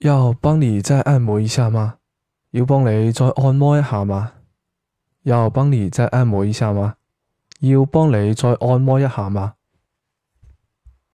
要幫你再按摩一下嘛？要幫你再按摩一下嘛？要幫你再按摩一下嘛？要幫你再按摩一下嘛？